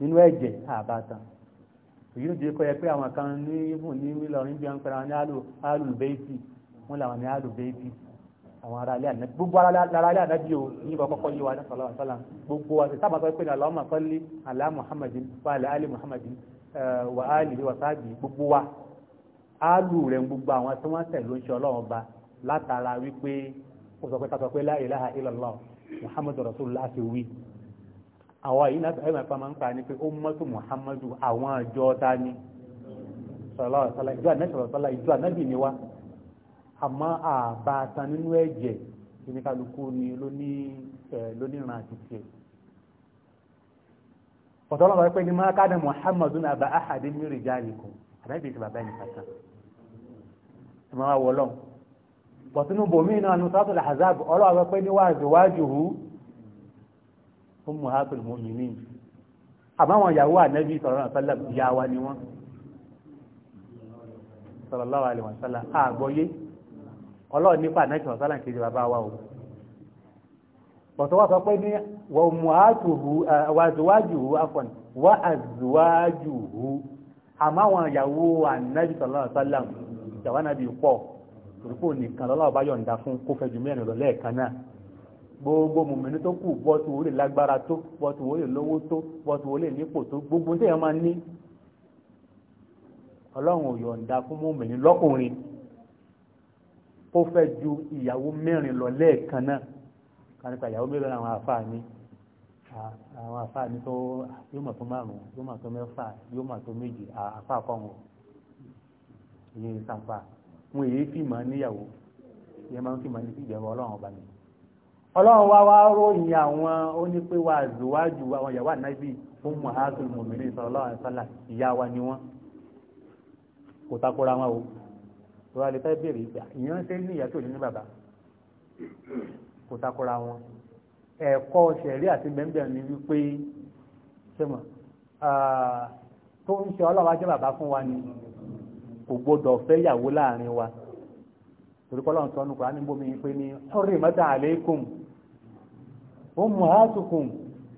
[SPEAKER 1] nínú ẹ̀jẹ̀ àbá kan èyí ló jẹ́ kó yà pé àwọn kan ní ìbùn ní ìlọrin bí wọ́n làwọn ní alùbẹ́ẹ̀bì àwọn ará alẹ́ àná gbogbo ara alẹ́ àná bí o ní ìbá kọ́kọ́ yíwa ní sọ̀lá àtàlà gbogbo wa sábà sọ pé ní aláwọ̀mà sọ́lé alá muhammadin wa alẹ́ alẹ́ muhammadin wa alẹ́ wa sáàbì gbogbo wa alù rẹ̀ gbogbo àwọn tí wọ́n tẹ̀ ló ń ṣe ọlọ́run ba látara wípé ó sọ pé ká sọ pé la ilaha illallah muhammadu rasulullah ti wí àwọn yìí náà ẹ̀mọ̀ ẹ̀fọ́ ń pa ni pé ó mọ́tò muhammadu àwọn àjọ ta ni sọ̀rọ̀ sọ̀rọ̀ ìjọ àmọ́ àbátan nínú ẹ̀jẹ̀ oníkálukú ni lóníran àti tiẹ̀ ọ̀tọ́lọ́ bá pẹ́ ní máa káàdà muhammadu ní àbá àhàdé ní rìjà àlìkù àbẹ́bí ti bàbá ẹni kankan tí máa wọ lọ́n bọ̀tínú bòmí náà ní sátọ̀ làhazab ọlọ́wà bá pẹ́ ní wáàzù wájú hu ó mú hápìlì mú àbáwọn ìyàwó ànẹ́bí sọ̀rọ̀ náà sọ̀rọ̀ ọlọ́run nípa náà ìtàn sálà kejì bàbá wa o bọ̀tọ̀ wá sọ pé ní wọ́n mú àtòhù wàzíwájúhù afọ̀n wá àzíwájúhù àmọ́ àwọn ìyàwó ànábì sallallahu alaihi wasallam ìyàwó ànábì pọ̀ òrùkú nìkan lọ́lọ́wọ́ bá yọ̀ǹda fún kó fẹ́ ju mẹ́rin lọ lẹ́ẹ̀kan náà gbogbo mùmínú tó kù bọ́tù wọlé lágbára tó bọ́tù wọlé ọlọ́run ò yọ̀ǹda fún mùmínú lọ́kùnrin ó fẹ́ ju ìyàwó mẹ́rin lọ lẹ́ẹ̀kan náà kánípa ìyàwó mẹ́rin àwọn àfáà ní àwọn àfáà ní tó yóò mọ̀ tó márùn-ún yóò mọ̀ tó mẹ́fà yóò mọ̀ tó méjì àfáà kọ́wọ́ ìyẹn sàǹfà wọn èyí fi mọ̀ níyàwó ìyẹn máa ń fi mọ̀ ní ìbẹ̀rù ọlọ́run ọba ni ọlọ́run wá wá ròyìn àwọn ó ní pé wà zùwájú àwọn ìyàwó ànábì fún muhammadu muhammadu sallallahu alaihi wasallam ìyá wa ni wọ́n kò takora wọn o tó wá lè fẹ́ bèèrè ìgbà ìyẹn ń ṣe ní ìyá tó ní ní bàbá kò takora wọn ẹ̀kọ́ ṣẹ̀rí àti bẹ́ńbẹ̀ ni wípé ṣẹ́mọ̀ tó ń ṣe ọlọ́wà jẹ́ bàbá fún wa ni kò gbọdọ̀ fẹ́ yàwó láàrin wa torí kọ́ lọ́nà tọ́nu kùránì bómi pé ní ọ̀rẹ́ mẹ́ta àlékún ó mú àátùkùn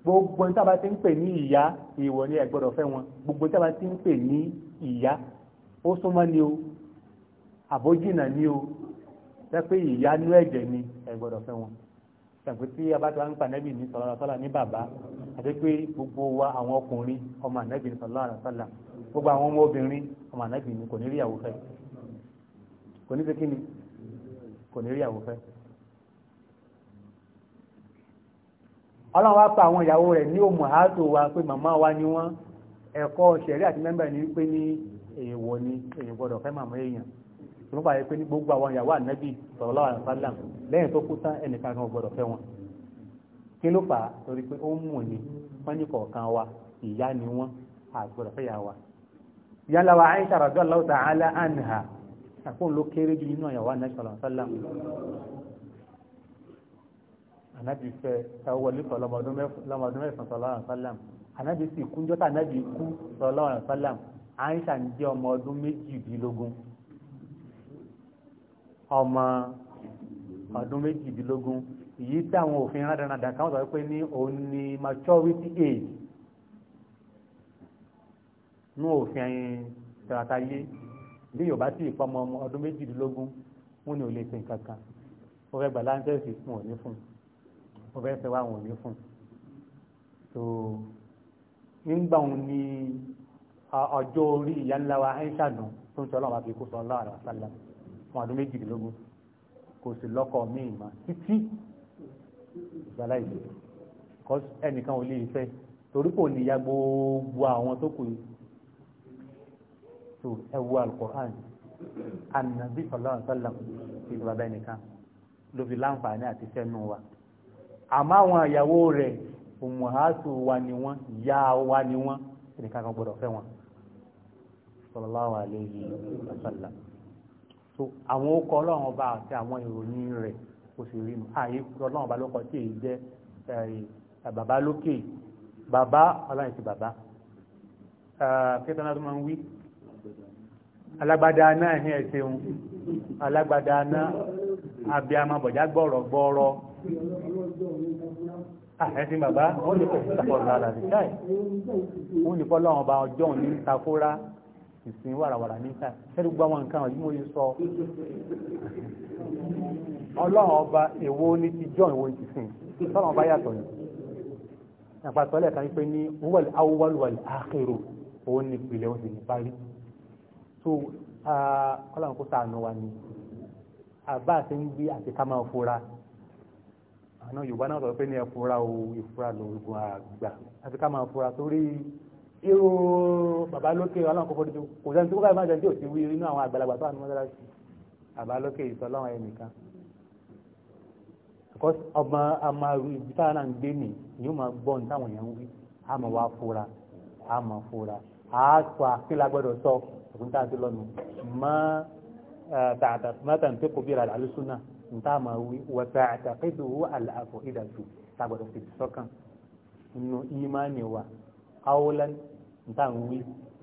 [SPEAKER 1] gbogbo ní tàbá ti ń pè ní ìyá ìwọ̀ ni ẹ gbọdọ̀ fẹ́ wọn gbogbo ní tàbá ti ń pè ní ìyá ó súnmọ́ ni o àbójìnà ní o pẹ́pẹ́ ìyánú ẹ̀jẹ̀ ni ẹ gbọ́dọ̀ fẹ́ wọn ṣàpẹ́ tí abájọ́ ń pa nẹ́bì ní sọ̀rọ̀ sọ́là ní bàbá àti pé gbogbo wa àwọn ọkùnrin ọmọ ànẹ́bì ní sọ̀rọ̀ sọ́là gbogbo àwọn ọmọ obìnrin ọmọ ànẹ́bì ní kò ní rí ìyàwó fẹ́ kò ní ṣe kí ni kò ní rí ìyàwó ọlọ́run wá pa àwọn ìyàwó rẹ̀ ní òmù àátò wa pé màmá wa ni wọ́n ẹ̀kọ́ ṣẹ̀rí àti mẹ́mbà ní wípé ní èèwọ̀ ni èèyàn gbọ́dọ̀ fẹ́ màmá èèyàn tòun bá yẹ pé ní gbogbo àwọn ìyàwó ànábì sallallahu alaihi wasallam lẹ́yìn tó kú tán ẹnìkan kan gbọ́dọ̀ fẹ́ wọn kí ló fà á torí pé ó mú ni wọ́n ní kọ̀ọ̀kan wa ìyá ni wọ́n àgbọ̀dọ̀ fẹ́ wa. ìyá ńlá wa Aisha radiyallahu anha àpò ló kéré jù nínú ìyàwó ànábì sallallahu alaihi wasallam ànábì fẹ́ wọlé sọ lọ́mọdún mẹ́sàn-án sallallahu alaihi wasallam ànábì sì kú njọ́tà ànábì kú sallallahu alaihi wasallam Aisha ń jẹ́ ọmọ ọdún ọmọ ọdún méjìdínlógún èyí tí àwọn òfin rádaràdà kan sọ pé ní òun ni maturity age ní òfin tẹ̀rátayé bí yorùbá sì fọmọ ọmọ ọdún méjìdínlógún wọn ni ò lè ṣe nǹkan kan ó fẹ́ gbà láńtẹ́sì fún òní fún ó fẹ́ fẹ́ wá àwọn òní fún so nígbà òun ni ọjọ́ orí ìyá ńlá wa aisha dùn tó ń sọ ọlọ́run àbíkú sọ ọlọ́run àdàsálàmù fún ọdún méjìdínlógún kò sì lọ́kọ míì mọ́ títí ìgbàlá ìlú cause ẹnìkan ò lè fẹ́ torí kò níyà gbogbo àwọn tó kù tó ẹwu alukur'an anabi sallallahu alaihi wa sallam ti ní bàbá ẹnìkan ló fi láǹfààní àti fẹ́nu wa àmọ́ àwọn ìyàwó rẹ̀ òmùhásù wa ni wọ́n ìyá wa ni wọ́n ẹnìkan kan gbọ́dọ̀ fẹ́ wọn sallallahu alaihi wa sallam so àwọn okọ ọlọ́run ọba àti àwọn ìròyìn rẹ̀ kò sì rí mu àyè ọlọ́run ọba lóko tí èyí jẹ́ bàbá lókè bàbá ọlọ́run ti bàbá kíkọ́ náà tó máa ń wí alágbádá náà ní ẹ̀sìn alágbádá náà abiyamọ bọ̀já gbọ́rọ̀ gbọ́rọ̀ ẹ̀sìn bàbá wọ́n ní kọ́ ọlọ́run ọba ọjọ́ òní takora ìsìn wàràwàrà níta ẹ̀rù gbọ́ wọn nǹkan yìí mo yìí sọ ọlọ́run ọba èwo ní ti john wo ti sìn sọ́nà ọba yàtọ̀ ni àpàtọ́ lẹ́ẹ̀ka ní pé ní wọ́n awọ́wọ́lù wà áàkèrò òun ní ìpìlẹ̀ òun ní parí so ọlọ́run kó sàánú wa ni àbá àti ń bí àti ká máa fura àná yorùbá náà sọ pé ní ẹ fura o ìfura lòògùn àgbà àti ká máa fura torí irú bàbá lókè ọlọ́nkọ́fọ́ dídú kò sẹ́ni tí wọ́n káyọ̀ máa jẹ́ tí ò ti wí inú àwọn àgbàlagbà tó wà ní mọ́sálásí bàbá lókè ìsọlọ́run ẹnìkan ọmọ ọmọ ibi táwọn náà ń gbé nì ni ó máa gbọ́ ní táwọn èèyàn ń wí a máa wá fura a máa fura a sọ àkílà gbọ́dọ̀ sọ òkúta àti lọ́nu mọ́ tààtà mọ́tà ní pẹ́kọ̀ bí ràdà lóṣùnà ní táà máa wí wọ́n tààtà pẹ́kọ̀ owó àlàáfọ̀ níta ń wí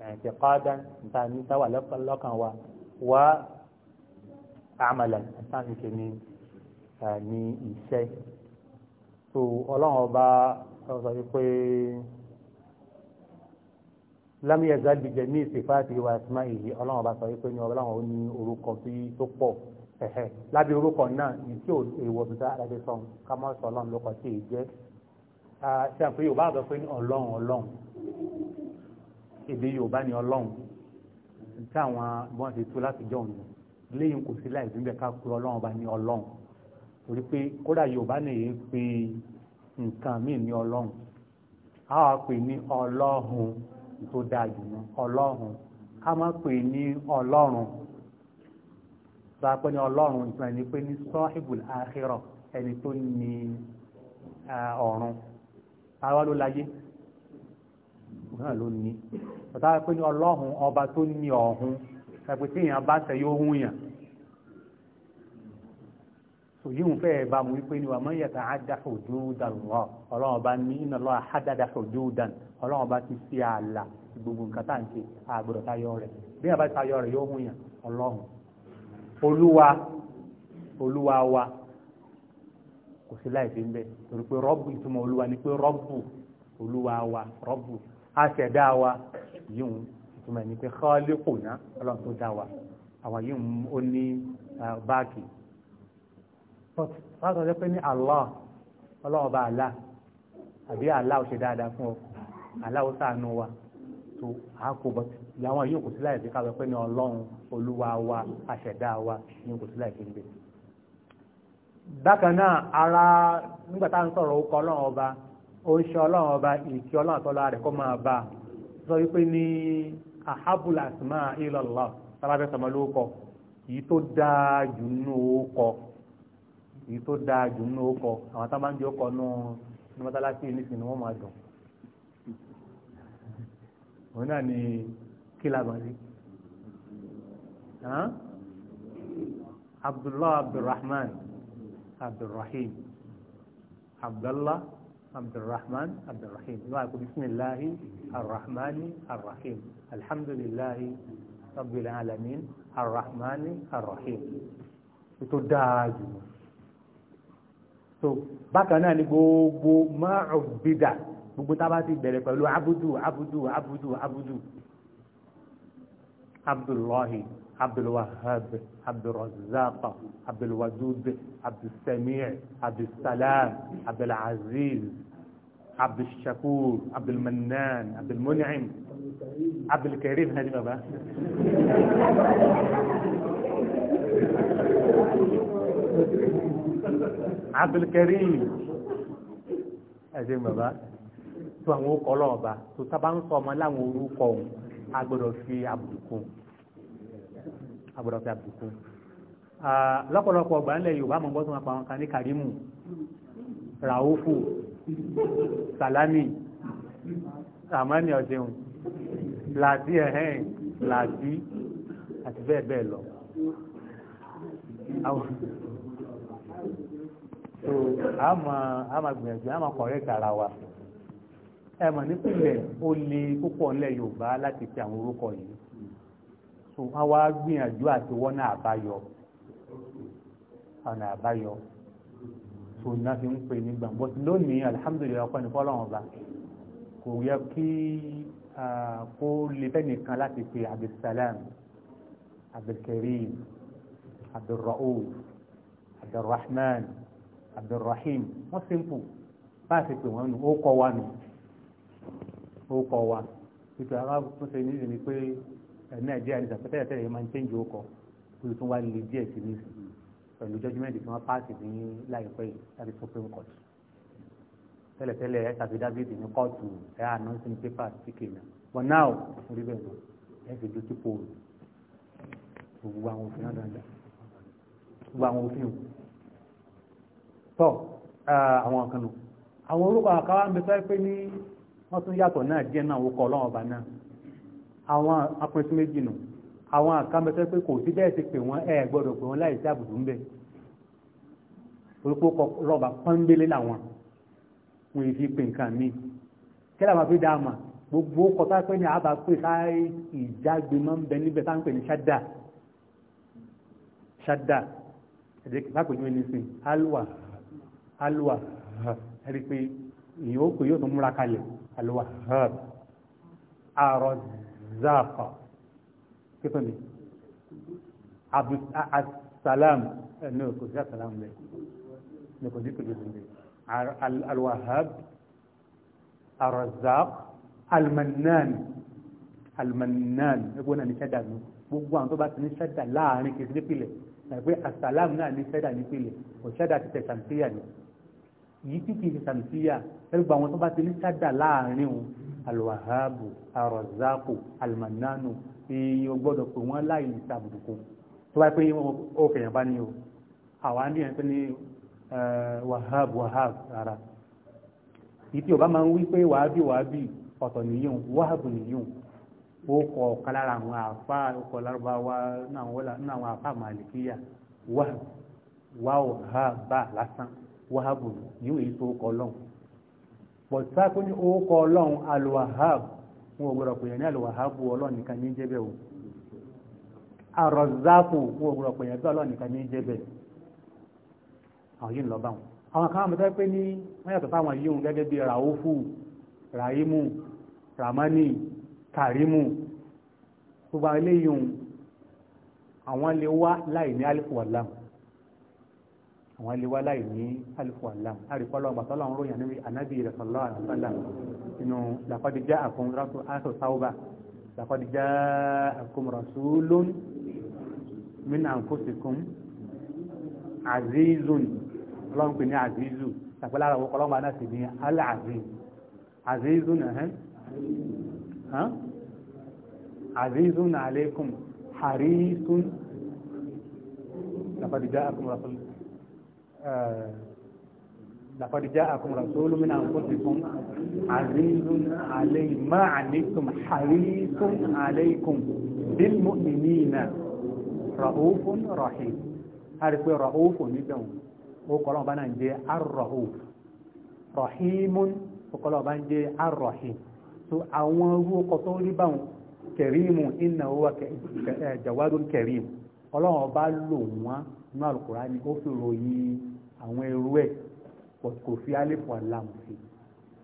[SPEAKER 1] ẹ̀ǹtẹ̀ kọ́dá níta ní táwà lọ́kàn wa wá àmàlẹ̀ níta ní ṣe ní ní iṣẹ́ tó ọlọ́run ọba sọ pé lámì ẹ̀zá gbìjẹ ní ìsìnká àti ìwà ìsìnká ìyí ọlọ́run ọba sọ pé ní ọlọ́run ó ní orúkọ tí tó pọ̀ ẹ̀hẹ́ lábẹ́ orúkọ náà ní tí ò èèwọ̀ tó dára dé sọ ká má sọ ọlọ́run lókọ̀ tí èyí jẹ́ ṣe àpéyò bá sọ pé ní ọlọ́run ọlọ́run èdè yorùbá ni ọlọ́run tí àwọn bọ́n ti tú láti jọ òun léyìn kò sí láì fi ń bẹ ká pe ọlọ́run ọba ní ọlọ́run torí pé kódà yorùbá nìyí pé nǹkan míì ní ọlọ́run a wá pè ní ọlọ́run tó dáa jù ní ọlọ́run ká má pè ní ọlọ́run tó a pè ní ọlọ́run ìtumọ̀ ẹni pé ní sọ́hìbùl àkhírà ẹni tó ní ọ̀run àwa ló láyé náà ló ní ọ̀tá pé ní ọlọ́run ọba tó ní ọ̀hún ẹ̀pẹ́ tí èèyàn bá tẹ̀ yóò hún yàn sòyíhùn fẹ́ ẹ̀ bá mu wípé ní wàmọ́ yẹ̀ta àdáfò dúdàn rọ ọlọ́run ọba ní iná lọ́ àdádáfò dúdàn ọlọ́run ọba ti fi ààlà gbogbo nǹkan tá à ń ṣe àgbọ̀dọ̀ tayọ rẹ̀ bí àbá tayọ rẹ̀ yóò hún yàn ọlọ́run olúwa olúwa wa kò sí láì fi ń bẹ torí pé rọ́bù ìtumọ̀ olúwa ni pé rọ́bù olúwa wa rọ́bù aṣẹ̀dá wa yìí ní pé khaliquna ọlọ́run tó dá àwọn yìí ó ní báàkì but ọjọ́ pé ní Allah ọlọ́run bá àbí Allah ò ṣe dáadáa fún ọ Allah ó ṣàánú wa tó àákò yi làwọn yìí kò sí láì fi pé ní ọlọ́run olúwa wa kò sí láì fi ń bákan náà ara nígbà táwọn sọ̀rọ̀ ó kọ́ ọlọ́run ó ń ṣe ọlọ́run ọba ìkí ọlọ́run àtọ́lá rẹ̀ kó máa bá sọ wípé ní ahabul asma ilallah sábàbẹ́ sọmọ lóókọ yìí tó dáa jù nínú ókọ yìí tó dáa jù nínú ókọ àwọn tá a máa ń di ókọ nù ní mọ́tálásí nísìn ni wọ́n máa dùn òun náà ni kí làbọ̀ abdulrahman abdulrahim abdullah abdulrahman abdulrahim ìwà àkókò bisimilahi arrahmani arrahim alhamdulilahi rabbil alamin arrahmani arrahim ètò dáa jù so bákan náà ni gbogbo ma'ubida gbogbo tá a bá ti bẹ̀rẹ̀ pẹ̀lú abudu abudu abudu abudu abdullahi. عبد الوهاب عبد الرزاق عبد الودود عبد السميع عبد السلام عبد العزيز عبد الشكور عبد المنان عبد المنعم عبد الكريم هذه بابا عبد الكريم هذه بابا tó àwọn orúkọ ọlọ́ọ̀ba tó sábà ń sọ ọmọ láwọn orúkọ ọ̀hún a fi àbùkù àbúrò fi àbùkù lọ́pọ̀lọpọ̀ ọgbà ńlẹ̀ yorùbá mọ̀ bọ́sùn apá wọn kan ní karimu raufu salami ramani ọ̀dẹ̀hùn làdí ẹ̀hẹ́n làdí àti bẹ́ẹ̀ bẹ́ẹ̀ lọ so a ma a ma gbìyànjú a ma kọ̀rẹ́ tara wa ẹ mọ̀ nípìnlẹ̀ ó le púpọ̀ ńlẹ̀ yorùbá láti fi àwọn orúkọ yìí so wọ́n wá gbìyànjú àti wọ́n náà àbáyọ ọ̀nà àbáyọ so náà fi ń pè ní gbàngbọ́ lónìí alihamudulilayi ọkọ ní fọlọ́run ọba kò yẹ kí kó lè fẹ́ nìkan láti pe abdulsalam abdulkareem abdulraouf abdulrahman abdulrahim wọ́n simple bá a ti pè wọ́n nù ó kọ́ wa nù ó kọ́ wa ìpè àwọn tó ṣe ní ìdí ni pé nàìjíríà ní sàpẹ́tẹ́lẹ̀ tẹ́lẹ̀ yẹn máa ń tẹ́ǹjì ó kọ kúlù tún wá lè díẹ̀ sí ní ìsìn pẹ̀lú judgement tí wọ́n pààsì ní láìpẹ́ yìí láti supreme court tẹ́lẹ̀tẹ́lẹ̀ ẹ̀ tàbí david ní kóòtù ẹ̀ announcing papers ti kéèyàn but now orí bẹ́ẹ̀ lọ ẹ̀ fi dúró sí poll gbogbo àwọn òfin náà dáadáa gbogbo àwọn òfin o tọ́ àwọn kan nù àwọn orúkọ àkàwà ń bẹ sáré pé ní wọ́n tún yàtọ̀ náà díẹ̀ náà ó kọ́ náà àwọn apẹ̀sí méjì nù àwọn àkàmẹ́sẹ́ pé kò sí bẹ́ẹ̀ ti pè wọ́n ẹ̀ gbọ́dọ̀ pè wọ́n láì sí àbùdù ń bẹ̀ orúkọ rọ̀bà pọ́ńbélé làwọn wọn èyí fi pè nǹkan míì kí làwọn fi dá a mà gbogbo kọta pé ní àbá pé sáré ìjágbe máa ń bẹ níbẹ̀ tá ń pè ní ṣádà ṣádà ẹ̀dẹ́ lápèjú ẹni sìn alwa alwa ẹ̀rí pé ìyókù yóò tún múra kalẹ̀ alwa àrọ̀dì zafa kíkọ́ ni asalam ní kò sí asalam rẹ̀ ní kò sí kòjò rẹ̀ alwahab المنان، almanan almanan ẹgbẹ́ náà ní ṣẹ́dà ní gbogbo àwọn tó bá ti ní ṣẹ́dà láàrin kìí sí nípìnlẹ̀ ẹgbẹ́ asalam náà ní ṣẹ́dà nípìnlẹ̀ kò ṣẹ́dà ti tẹ̀ sàmìsíyà ni yìí tí kìí ṣe sàmìsíyà ẹgbẹ́ àwọn tó bá ti ní ṣẹ́dà láàrin òun alwahabu arazaku almananu èyí o gbọ́dọ̀ pè wọ́n láì ìsàbùdùkú tó bá pé ó fẹ̀yàn bá ní o àwọn àndí yẹn pé na eh, wahabu wahabu rárá ìtì ọba máa ń wí pé wàábì wàábì kọ lára àwọn àwọn lásán wahabu èyí tó kọ but sáàkó ní orúkọ ọlọ́run alwahab wọn ò gbọ́dọ̀ pèyàn ní alwahab ọlọ́run nìkan ní jẹ́bẹ̀ o arọ̀záàkù wọn ò gbọ́dọ̀ pèyàn sí ọlọ́run nìkan ní jẹ́bẹ̀ àwọn yìí ń lọ bá wọn àwọn kan àmọ́ tẹ́ pé ní wọ́n yàtọ̀ fáwọn yìí ń gẹ́gẹ́ bí ràúfù ràímù ramani karimu gbogbo àwọn eléyìí àwọn lè wá láì ní alif wàlámù àwọn ilé wa láì ní alifu alam àríkọ́ lọ́wọ́ bàtọ́ lọ́wọ́ ròyìn àníbi ànábì rẹ̀ sọ̀lọ́ àlùfàlà inú làkọ́dí já àkún rásù áṣọ sáwọ́bà làkọ́dí já àkún rásù lón min àǹkóṣìkún azizun ọlọ́run pè ní azizu tàpẹ́ lára owó kọlọ́mọ aná sì ní al azizun ẹ̀hẹ́n azizun alaykum harisun làkọ́dí àkún rásù لقد جاءكم رسول من أنفسكم عزيز عليه ما عنيتم حريص عليكم بالمؤمنين رؤوف رحيم هذا هو رؤوف نبيهم ó kọ́lọ́ bá náà ń jẹ́ arọ̀hù rọ̀hìmún ó kọ́lọ́ bá ń jẹ́ arọ̀hìm so àwọn orú ọkọ̀ tó rí báwọn kẹrìmù iná wà jàwádùn kẹrìm ọlọ́run ọba lò àwọn ẹrú ẹ̀ kò fi alifu alamu sí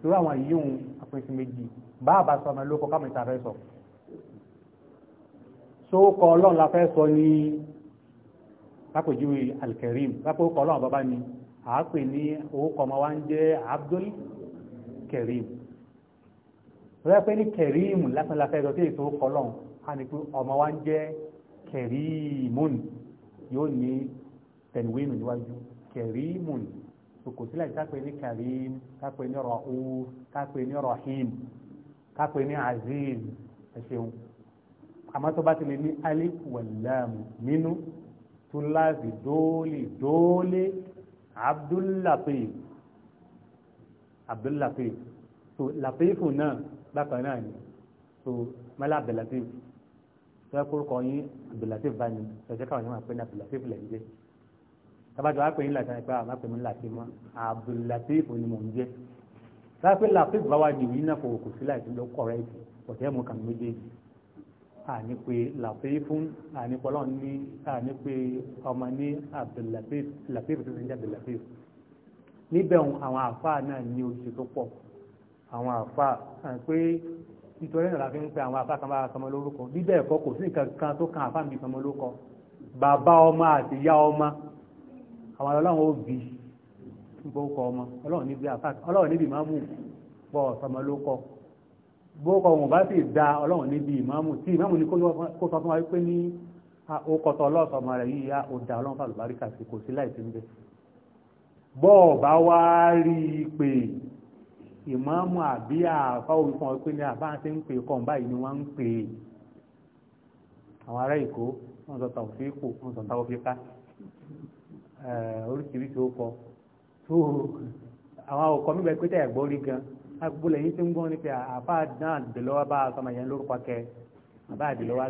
[SPEAKER 1] torí àwọn yíyún apẹ̀sí méjì báàbá sọ ọmọ lóko kámi ta sọ so kọ ọlọ́run la fẹ́ sọ ní lápèjúwe alkarim lápò kọ ọlọ́run bàbá ni àápè ní orúkọ ọmọ wa ń jẹ́ abdul kerim. rẹ́ pé ní karim lásán la fẹ́ sọ sí èso kọ ọlọ́run a ní pé ọmọ wa ń jẹ́ kẹrìmùn yóò ní tẹ̀wéèmù níwájú kẹrìmùn kò sílẹ̀ kápẹ́ ní kẹrìm kápẹ́ ní rọ̀húf kápẹ́ ní rọ̀hìm kápẹ́ ní aziz ẹ ṣeun àmọ́ tó bá ti lè ní alif wàlámù nínú túláàsì dóòlì dóòlì abdullatif abdullatif so latifu náà bákan náà ni so mẹ́lá abdullatif tó yẹ kó kọ́ yín abdullatif bá ní ṣẹ̀ṣẹ̀ káwọn yẹn máa pè ní abdullatif lẹ́yìn jẹ́ tabajọ wa pè ní làtí àìpẹ́ àwọn pè mí làtí mọ́ Abdul-Latif ni mò ń jẹ́ sáfẹ́ làtí bá wà nìyí náà kò kò sí láti lọ kọ̀rẹ́ ìtì ọ̀tẹ́ mú kàn méjèèjì àní pé làtí fún àní pọ́lọ́ ní àní pé ọmọ ní Abdul-Latif Latif tó ti ń jẹ́ Abdul-Latif níbẹ̀ àwọn àfáà náà ní oṣù tó pọ̀ àwọn la fi ń pe àwọn àfáà kan bá sọmọ lórúkọ bíbẹ̀ ẹ̀kọ́ kò sí nǹkan kan tó kan àfáà mi sọmọ lórúkọ bàbá ọmọ àti ìyá ọmọ àwọn ọlọ́run ó bí gbókọ ọmọ ọlọ́run níbi àfáàkì ọlọ́run níbi ìmáàmù pọ̀ ọ̀sọ̀mọ ló kọ gbókọ ọmọ bá sì da ọlọ́run níbi ìmáàmù tí ìmáàmù ní kó sọ fún wa wípé ní okọtọ ọlọ́sọmọ rẹ̀ yìí ya ó da ọlọ́run fàlùbáríkà sí kò sí láìsí ń bẹ bọ́ọ̀ bá wá rí i pé ìmáàmù àbí àfa òwúfọ̀n pé ní àbá ti ń pè kọ́ báyìí ni wọ́n ń pè àwọn ará ìkó wọ́n sọ tàwọ́fíkù wọ́n sọ tàwọ́fíkà Eh, oríṣiríṣi ó kọ tó àwọn òkọ mi bẹ̀rẹ̀ pété ẹ̀gbọ́n rí gan agbó lẹ́yìn tí ń gbọ́n ní pé àbá náà dèlọ́wọ́ bá a sọmọ yẹn lórúkọ kẹ àbá dèlọ́wọ́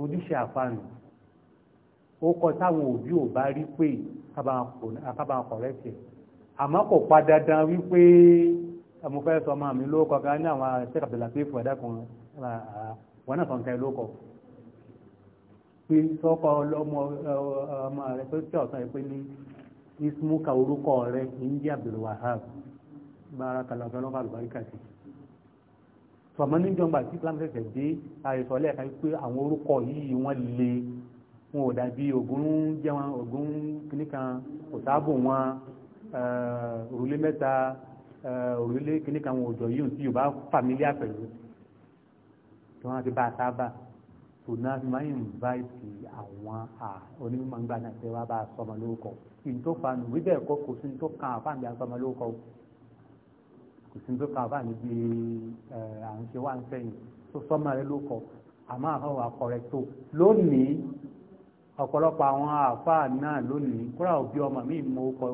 [SPEAKER 1] ojúṣe àfààní ó kọ táwọn òbí ò bá rí pé kábàá kọ̀rẹ́ tiẹ̀ àmọ́ kò pa dandan wípé mo fẹ́ sọ ọmọ mi lórúkọ kan ní àwọn ṣẹ́kàbẹ̀lá pé fún ẹ̀dá kan wọn náà sọ̀nkẹ́ lórúkọ pé sọ́kọ ọlọ́mọ ọmọ rẹ pé tí ọ̀sán yìí pé ní ismuka orúkọ rẹ india abdulwahab bára kàlọ́fẹ́ lọ́kọ̀ àlùbáríkà sí tọ̀mọ́ níjọba tí islam ṣẹ̀ṣẹ̀ dé àìsọ̀lẹ̀ kan pé àwọn orúkọ yìí wọ́n le wọn ò dàbí ògún jẹun ògún kìnnìkan òtáàbò wọn òrùlé mẹ́ta òrùlé kìnnìkan wọn òjò yìí tí yorùbá fàmílíà pẹ̀lú tí wọ́n ti bá a sábà so náà fi máa ń invite àwọn onímọ̀ náà pé wá bá a sọmọ lórúkọ ìtòfà nù wíbẹ̀ kọ́ kò sí tó kan àfáàní bí a sọmọ lórúkọ kò sí tó kan àfáàní bí à ń ṣe wá ń sẹ́yìn tó sọmọ rẹ lórúkọ àmọ́ àfáwọn akọrẹ tó lónìí ọ̀pọ̀lọpọ̀ àwọn àfáà náà lónìí kúrò òbí ọmọ mi mọ orúkọ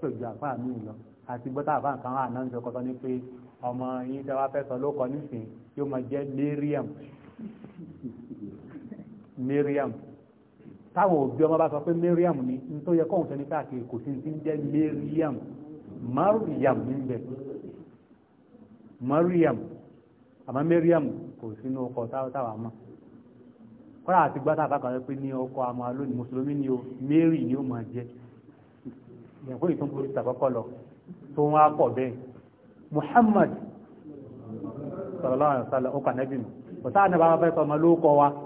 [SPEAKER 1] pẹ̀lú àfáà mi lọ àti gbọ́tà àfáà kan àná ń sọ ní pé ọmọ yín tẹ́wá fẹ́ sọ lórúkọ nísìnyí yóò máa jẹ́ Miriam Miriam táwọn òbí bá sọ pé Miriam ni n tó yẹ kóhùn sẹni káàkiri kò sí ti ń jẹ Miriam Mariam níbẹ̀ Mariam àmọ́ Miriam kò sínú ọkọ táwọn àmọ́ kọ́lá àti gbá tàbá kan pé ní ọkọ àmọ́ lónìí mùsùlùmí ni o Mary ni ó máa jẹ lọ tó wọ́n á Muhammad bọ̀tá àná bá bá wa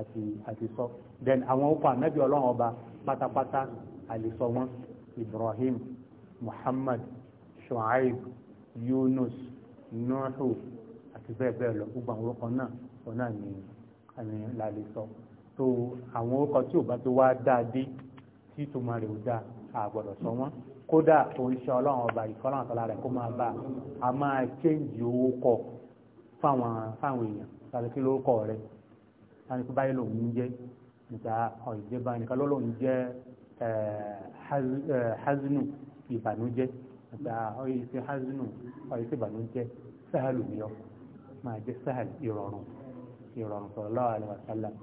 [SPEAKER 1] àti àti sọ then àwọn ọkọ ànábì ọlọ́run ọba pátápátá àlèsọ wọn ibrahim muhammad shuaib yunus nuhu àti bẹ́ẹ̀ bẹ́ẹ̀ lọ gbogbo àwọn orúkọ náà wọn náà ní àmì làlèsọ tó àwọn orúkọ tí ò bá ti wá dáadé tí ìtumọ̀ rẹ̀ ò dáa àgbọ̀dọ̀ sọ wọn kódà oríṣẹ́ ọlọ́run ọba ìfọ́lọ́run tọ́lá rẹ̀ kó máa bá a máa chéǹjì owó kọ fáwọn fáwọn èèyàn tàbí kí lórúkọ rẹ̀ láti fi báyìí lòun jẹ́ níta ọ̀jẹ́ báyìí nìkan lọ́lọ́run jẹ́ eh, eh, hazinu ìbànújẹ́ níta ọ̀yẹ́ sí hazinu ọ̀yẹ́ sí ìbànújẹ́ sáhàlù ni ọ máa jẹ́ sáhàlù ìrọ̀rùn ìrọ̀rùn sallallahu alaihi wasallam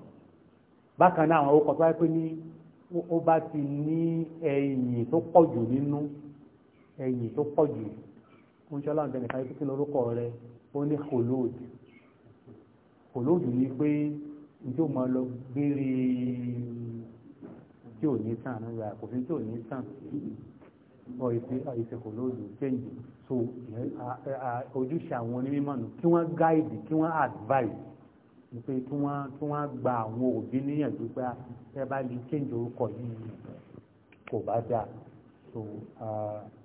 [SPEAKER 1] bákan náà àwọn orúkọ tó wáyé pé ní ó bá ti ní ẹ̀yìn tó pọ̀ jù nínú ẹ̀yìn tó pọ̀ jù oúnjẹ́lá ọ̀gbẹ̀nìkan yìí pé kí lórúkọ rẹ̀ ó ní kòlóòdù kòlóòdù ni pé njó máa lọ gbére tí ò ní tàn nígbà kò sí tí ò ní tàn ọ ìsìnkò lóòdù change so ojúṣe àwọn onímọ̀ nù kí wọ́n guide kí wọ́n advise pé kí wọ́n kí wọ́n gba àwọn òbí níyànjú pé ẹ bá lè change orúkọ yìí kò bá dáa so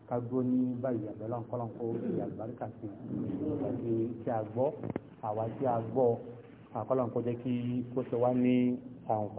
[SPEAKER 1] ká gbó ní báyìí àbẹ̀lọ́nkọ́lọ́nkọ́ ìyàgbáríkà sí i kí a gbọ́ àwa tí a gbọ́ àkọlọ̀ kó jẹ́ kí kó ṣe wá ní àǹfà